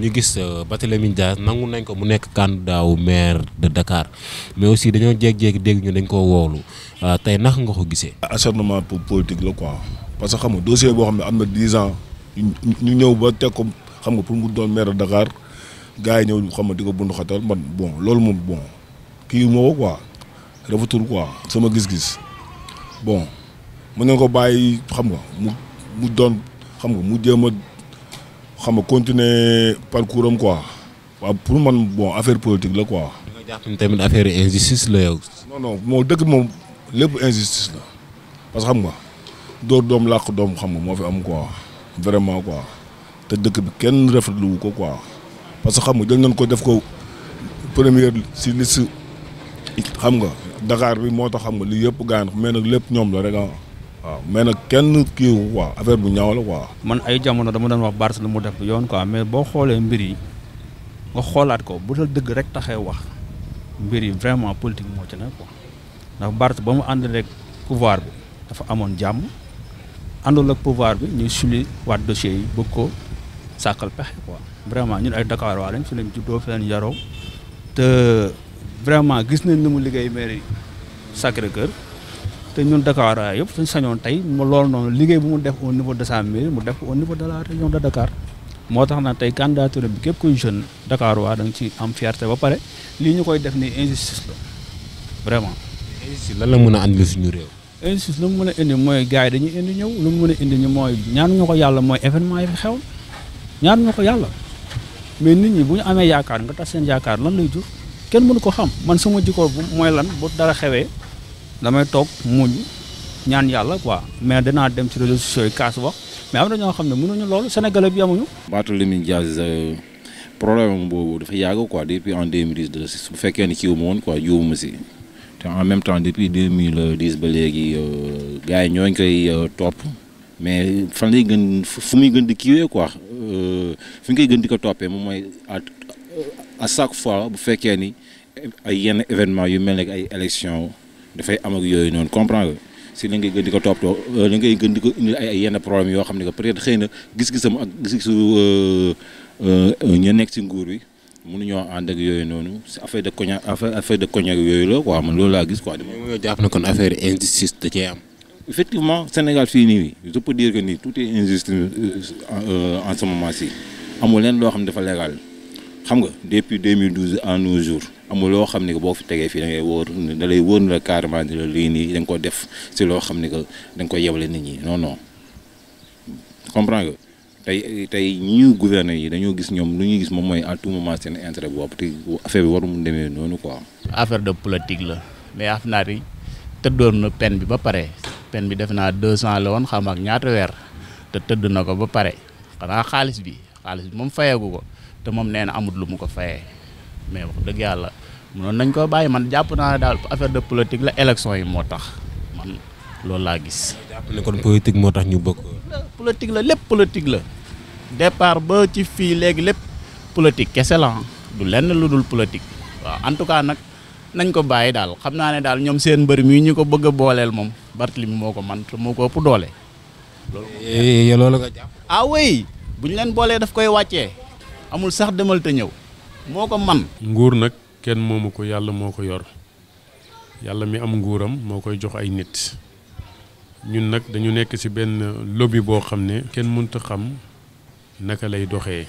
ñu gis euh, Barthélémy Dias nangu nañ ko mu nekk candidat wu maire de Dakar mais aussi dañoo jékki-jékki dégg ñu dañ koo woolu euh, tey nax nga ko gisee. Ah, acharnement pour la quoi parce que xam nga dossier boo xam ne am na dix ans ñu ñëw ba teg ko xam nga pour mu doon maire de Dakar gars yi ñëw xam nga di ko bund xatal man bon loolu moom bon kii moo quoi rafetul quoi sama gis-gis bon mën nga ko bàyyi xam nga mu doon xam nga mu jéem xam nga continuer parcours am quoi waaw pour man bon affaire politique la quoi. da nga jàpp ni tamit affaire injustice la yow. non non moom dëkk moom lépp injustice la parce que xam nga door doom làq doom xam nga moo fi am quoi vraiment quoi te dëkk bi kenn rafetlu wu ko quoi parce que xam nga dañ nañ ko def ko première si liste xam nga Dakar bi moo tax xam nga li yëpp gaan mais nag lépp ñoom la rek ah. waaw mais nag kenn kii waaw affaire bu ñaaw la quoi. man ay jamono dama doon wax Barth lu mu def yoon ko mais boo xoolee mbir yi nga xoolaat ko bu dal dëgg rek taxee wax mbir yi vraiment politique moo ci nekk ko ndax barte ba mu ànd rek pouvoir bi dafa amoon jàmm àndul ak pouvoir bi ñuy suli waat dossier yi bëgg ko sàkkal pexe quoi vraiment ñun ay Dakar waa lañ fi lañ juddoo fi lañ yaroo te vraiment gis nañ ni mu liggéey mairie Sacré-Cœur te ñun Dakar yëpp suñ sañoon tey mu loolu noonu liggéey bu mu def au niveau de sa mairie mu def au niveau de la région de Dakar moo tax na tey candidature bi képp kuy jeune Dakar waa da nga ci am fierté ba pare lii ñu koy def ni injustice la vraiment. injustice lan la mën a suñu réew. injustice lu mu mën a indi mooy gars yi dañuy indi ñëw lu mu mën a indi ñi mooy ñaan ñu ko yàlla mooy événement yi fi xew ñaan ñu ko yàlla mais nit ñi bu ñu amee yaakaar nga tax seen yaakaar lan lay jur kenn mënu ko xam man sama jikko mooy lan bu dara xewee. damay toog muñ ñaan yàlla quoi mais danaa dem si réseaux sociaux yi kaas wax mais am na ñoo xam ne mënuñu loolu sénégalais bi amuñu. Fatou Lamine Diaz euh, problème boobu dafa yàgg quoi depuis en 2010 bu fekkee ni kii wu ma woon quoi jiwuma si te en même temps depuis 2010 ba léegi euh, gars yi ñoo ngi koy euh, topp mais fan lay gën fu muy gën di kiiwee quoi fi ñu koy gën di ko toppee moom mooy à chaque fois bu fekkee ni ay yenn événement yu mel ne ay élection dafay am ak yooyu noonu comprendre nga si li ngay gën di ko topp euh, li ngay gën di ko indil ay yenn problème yoo xam ne que peut être xëy na gis-gisam ak gis-gisu euh, euh, ña nekk si nguur bi mënuñoo ànd ak yooyu noonu si affaire de cognac affaire affaire de yooyu la quoi man loolu laa gis ko dama ñoo jàpp na kon affaire injustice da cee am. effectivement Sénégal fii nii je peux dire que nii tout est injuste en ce moment ci amul leen loo xam ne dafa légal xam nga depuis 2012 à nos jours. amul loo xam ne que boo fi tegee fii da ngay wóor lay wóor na la carrément ni la lii nii da nga ko def si loo xam ne que da nga ko yebale nit ñi non non comprendre tey tey ñi yi dañoo gis ñoom lu ñuy gis moom mooy tout moment seen intérêt boobu te affaire bi waru demee noonu quoi. affaire de politique la mais Afnac yi tëddoon na peine bi ba pare peine bi def naa deux cent la woon xam ak ñaata weer te tëdd na ko ba pare xanaa xaalis bi xaalis bi moom fayagu ko te moom nee na amut lu mu ko fayee. mais wax dëgg yàlla mënoon nañ koo bàyyi man jàpp naa daal affaire de politique la élection yi moo tax man loolu laa gis. jàpp ne kon politique moo tax ñu bëgg. politique la lépp politique la départ ba ci fii léegi lépp politique kese la du lenn lu dul politique waaw en tout cas nag nañ ko bàyyi daal xam naa ne daal ñoom seen mbër mii ñu ko bëgg a booleel moom Barthélemy moo ko man moo koo ëpp doole. loolu eh, eh, eh, nga jàpp ah bu ñu leen boolee daf koy wàccee amul sax demal ñëw. moo ko man nguur nag kenn moomu ko yàlla moo ko yor yàlla mi am nguuram moo koy jox ay nit ñun nag dañu nekk ci benn lobby boo xam ne kenn mënta xam naka lay doxee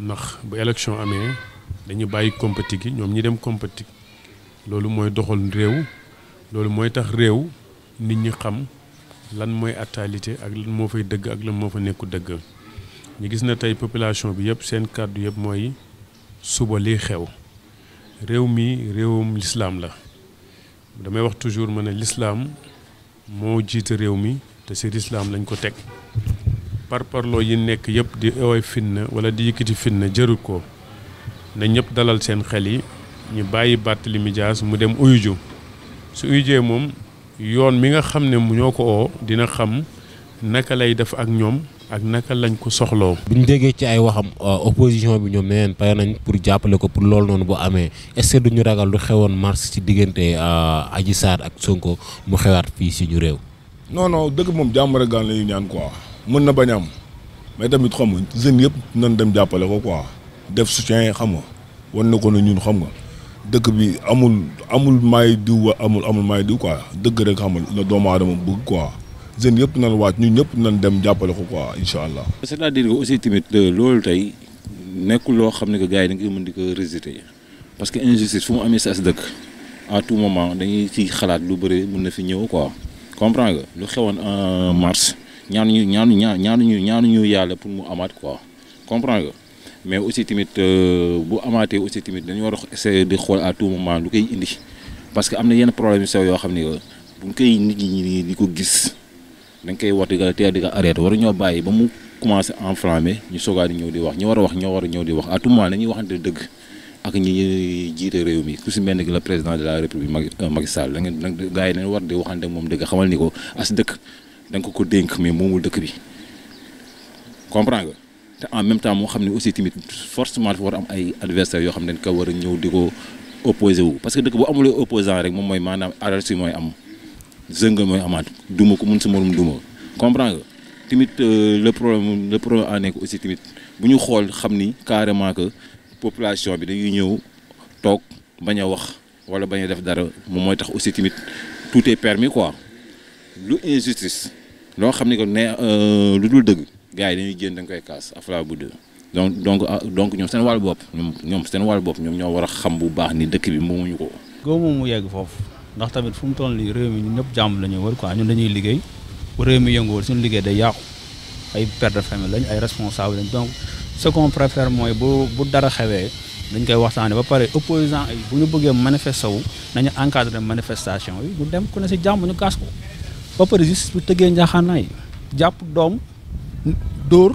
ndax bu élection amee dañu bàyyi compétit gi ñoom ñi dem compétit loolu mooy doxal réew loolu mooy tax réew nit ñi xam lan mooy actualité ak lan moo fay dëgg ak lan moo fa nekku dëgg ñu gis na tey population bi yëpp seen kàddu yëpp mooy suba lii xew réew mii réewum lislaam la damay wax toujours ma ne lislaam moo jiite réew mi te si lislaam lañ ko teg par parloo yi nekk yëpp di ooy fitna wala di yëkkati fitna jërut ko na ñëpp dalal seen xel yi ñu bàyyi bàtt Barthélémy Dias mu dem uyuju su uyujee moom yoon mi nga xam ne mu ñoo ko oo dina xam naka lay def ak ñoom ak naka lañ ko soxloo. bu ñu déggee ci ay waxam euh, opposition bi ñoom nee nañ pare nañ pour jàppale ko pour loolu noonu bu amee est-ce que duñu ragal lu xewoon mars ci diggante euh, Adji Sarr ak Sonko mu xewaat fii si ñu réew. non dëkk dëgg moom jàmm rek gaan la ñuy ñaan quoi mën na bañ am mais tamit xam nga jeunes yëpp nañ dem jàppale ko quoi def soutien xam nga wan na ko na ñun xam nga dëkk bi amul amul maay diw amul amul maay diw quoi dëgg rek xam nga la doomu aadama bëgg quoi. jeunes yëpp nan waaj ñun ñëpp nan dem jàppale ko quoi incha allah. c'est-à-dire que aussi tamit euh, loolu tey nekk loo xam ne que gars yi dañ koy mën di ko résister parce que injustice fu mu amee sa as dëkk à tout moment dañuy ci xalaat lu bëri mën na fi ñëw quoi comprends nga lu xewoon en mars ñaanuñu ñaanu ñaanuñu ñaanuñu yàlla pour mu amaat quoi comprends nga. mais aussi tamit euh, bu amaatee aussi tamit dañu war a essayer di xool à tout moment lu koy indi parce que am na yenn problème yu sew yoo xam ne buñ koy nit ñi di gis dañ koy wax di ko teel di ko arrêté waru ñoo bàyyi ba mu commencé enflammé ñu soogaa di ñëw di wax ñu war a wax ñoo war a ñëw di wax à tout moment dañuy waxante dëgg ak ñi jiite réew mi ku si mel ni le président de la république Macky euh, Sall da ngeen da gars yi dañ war di waxante moom dëgg xamal ni ko dénk mais moomul dëkk bi comprends nga te en même temps moo xam ne aussi tamit forcément dafa war am ay adversaires yoo xam ne dañ ko war a ñëw di ko opposé wu parce que dëkk bu amulee opposant rek moom mooy maanaam arrêté mooy am. zëngal mooy amaat duma ko mun sa morom duma comprends nga tamit euh, le problème le problème à nekk aussi tamit bu ñu xool xam ni carrément que population bi dañuy ñëw toog bañ a wax wala bañ a def dara moom mooy tax aussi tamit tout est permis quoi lu injustice loo xam ni que ne euh, lu dul dëgg gars yi dañuy génn dañ koy kaas afla bu dëgg donc donc ah, donc ñoom seen wàllu bopp ñoom ñoom seen wàllu bopp ñoom ñoo war a xam bu baax ni dëkk bi moomuñu ko. góob mu yegg foofu. ndax tamit fu mu toll nii réew mi ñu ñëpp jàmm la ñu war quoi ñun dañuy liggéey bu réew mi yënguwul suñu liggéey day yàqu ay père de famille lañ ay responsable lañ donc ce qu'on préfère mooy bu bu dara xewee dañ koy waxtaane ba pare opposant ay bu ñu bëggee manifester wu nañu encadrer manifestation yi ñu dem ku ne si jàmm ñu gas ko ba pare justice bu tëggee njaaxaanaay jàpp doom dóor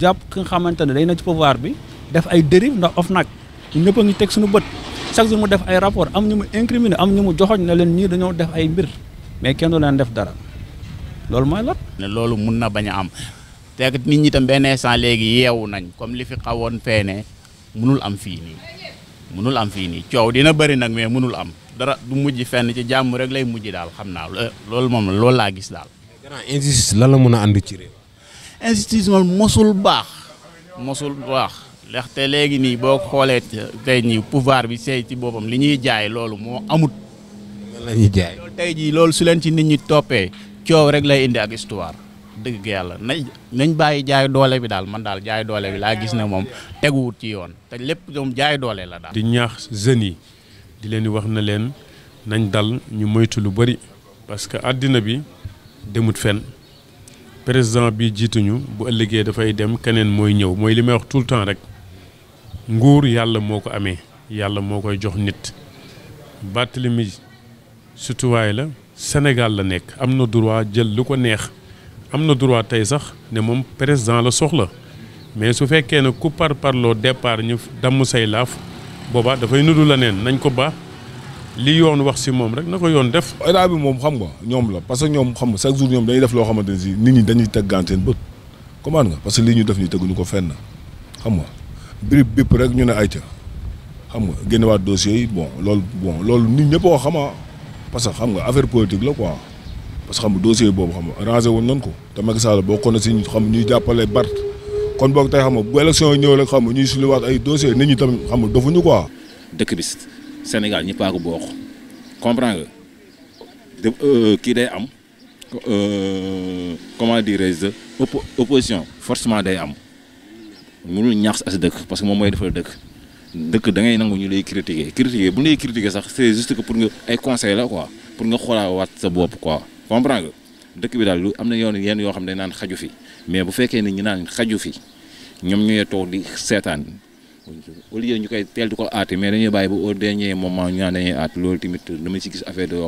jàpp ki nga xamante ne day na ci pouvoir bi def ay dérive ndax of nag ñu ñëpp a teg suñu bët chaque jour mu def ay rapport am ñu mu incriminé am ñu mu joxoñ na leen ñii dañoo def ay mbir mais kenn du leen def dara loolu mooy lot ne loolu mun na bañ a am te nit ñi tam benn instant léegi yeewu nañ comme li fi xawoon feene munul am fii nii am fii nii coow dina bëri nag mais munul am dara du mujj fenn ci jàmm rek lay mujj daal xam naa euh, loolu moom loolu laa gis daal. grand lan la mun a ànd ci réew. injustice mosul baax mosul baax. ndaxte léegi nii boo xoolee euh, tey nii pouvoir bi sey ci boppam li ñuy jaay loolu moo amut. la ñuy tey jii loolu su leen ci nit ñi toppee coow rek lay indi ak histoire dëgg yàlla nañ nañ bàyyi jaay doole bi daal man daal jaay doole bi laa gis ne moom teguwut ci yoon te lépp moom jaay doole la daal. di ñaax jeunes yi di leen di wax na leen nañ dal ñu moytu lu bëri parce que àddina bi demut fenn. président bi jiituñu bu ëllëgee dafay dem keneen mooy ñëw mooy li may wax tout le temps rek nguur yàlla moo ko amee yàlla moo koy jox nit Barthélemy citoyen la Sénégal la nekk am na droit jël lu ko neex am na droit tey sax ne moom président la soxla mais su fekkee ne ku par parloo départ ñu damm say laaf boobaa dafay nudu la neen nañ ko baax li yoon wax si moom rek na ko yoon def. état bi moom xam nga ñoom la parce que ñoom xam nga chaque jour ñoom dañuy def loo xamante ne si nit ñi dañuy teggaan seen bët comment nga parce que lii ñu def ñu teguñu ko fenn xam nga. birib bipp rek ñu ne ayca xam nga génnewaat dossiers yi bon loolu bon loolu nit ñëppoo a xam ah. parce que xam nga affaire politique la quoi parce que xam nga dossier boobu xam nga arrangé woon nañ ko te Macky Sall bokkoon na si xam ñuy jàppale Bart kon boog tey xam nga bu élection ñëw rek xam nga ñuy suliwaat ay dossiers nit ñi tamit xam nga dofuñu quoi. dëkk bi Sénégal ñëpp a ko bokk comprends nga de euh, kii day am euh, comment dirais-je opposition forcément day am. mënul ñaax as dëkk parce que moom mooy defar dëkk dëkk da ngay nangu ñu lay critiquer critiquer bu ñu lay critiquer sax c'est juste que pour nga ay conseil la quoi pour nga xoolaawaat sa bopp quoi comprends nga bi daal lu am na yoon yenn yoo xam ne naan xaju fi mais bu fekkee ne ñu naan xaju fi ñoom ñooy toog di seetaan au lieu ñu koy teel di ko aati mais dañuy bàyyi ba au dernier moment yoo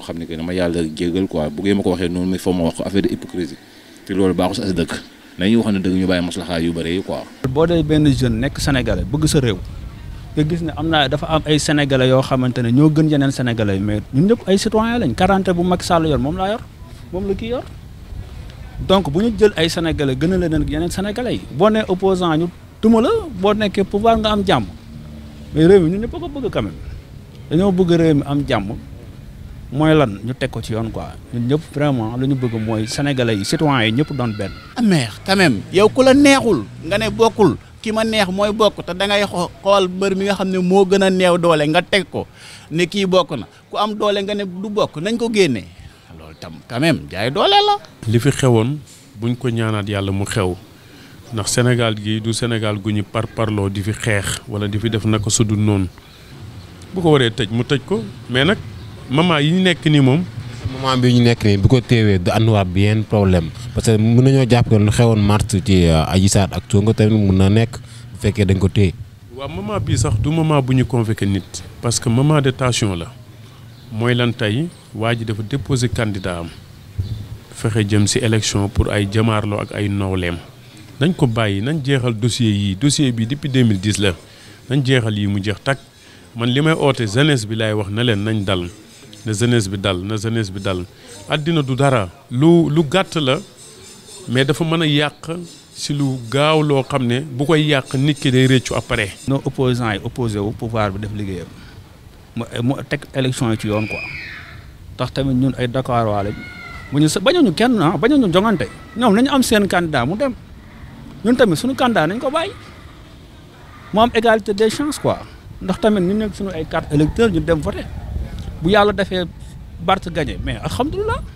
xam ne que dama yàlla jégal quoi bu ngeen waxee noonu mi foo ma wax ko affaire de hypocrisie te loolu baaxul si dëkk. dañuy wax ne dëgg ñu bàyyi maslaxa yu bëri yi quoi. boo dee benn jeune nekk sénégalais bëgg sa réew nga gis ne am naa dafa am ay sénégalais yoo xamante ne ñoo gën yeneen sénégalais mais ñun ñëpp ay citoyen lañ quarante bu Macky Sall yor moom laa yor moom la kii yor donc bu ñu jël ay sénégalais gën a leen yeneen sénégalais yi boo nee opposant ñu tuma la boo nekkee pouvoir nga am jàmm mais réew mi ñu ñëpp ko bëgg quand même dañoo bëgg réew mi am jàmm. mooy lan ñu teg ko ci yoon quoi ñun ñëpp vraiment lu ñu bëgg mooy sénégalais yi citoyens yi ñëpp doon benn. mais quand yow ku la neexul nga ne bokkul ki ma neex mooy bokk te da ngay xool mbër mi nga xam ne moo gën a neew doole nga teg ko ne kii bokk na ku am doole nga ne du bokk nañ ko génnee loolu tam quand même jaay doole la. li fi xewoon buñ ko ñaanaat yàlla mu xew ndax Sénégal gi du Sénégal gu ñu par parloo di fi xeex wala di fi def naka sudul noonu bu ko waree tëj mu tëj ko mais nag. moment yi ñu nekk nii moom. moment bi ñu nekk nii bu ko téewee du anduwaat bi yenn problème parce que mën nañoo jàpp que lu xewoon mars ci euh, Adji Sarr ak Sonko tamit mun na nekk bu fekkee dañ ko téye. waa moment bii sax du moment bu ñu convoqué nit. parce que moment de tension la mooy lan tey waa ji dafa déposé candidat am fexe jëm si élection pour ay jamaarloo ak ay nawleem nañ ko bàyyi nañ jeexal dossier yi dossier bi depuis 2010 la nañ jeexal yi mu jeex takk man li may oote jeunesse bi laay wax na leen nañ dal. na jeunesse bi dal na jeunesse bi dal àddina du dara lu lu gàtt la mais dafa mën a yàq si lu gaaw loo xam ne bu koy yàq nit ki day réccu après. nos opposants yi opposé wu pouvoir bi def liggéeyam mu mu teg élection yi ci yoon quoi tax tamit ñun ay Dakar waa lañ bu ñu sa bañuñu kenn ah bañuñu jongante ñoom nañu am seen candidat mu dem ñun tamit suñu candidat nañ ko bàyyi mu am égalité des chances quoi ndax tamit ñu nekk suñu ay carte électeur ñu dem voter bu yàlla defee Barth gagné mais alhamdulilah.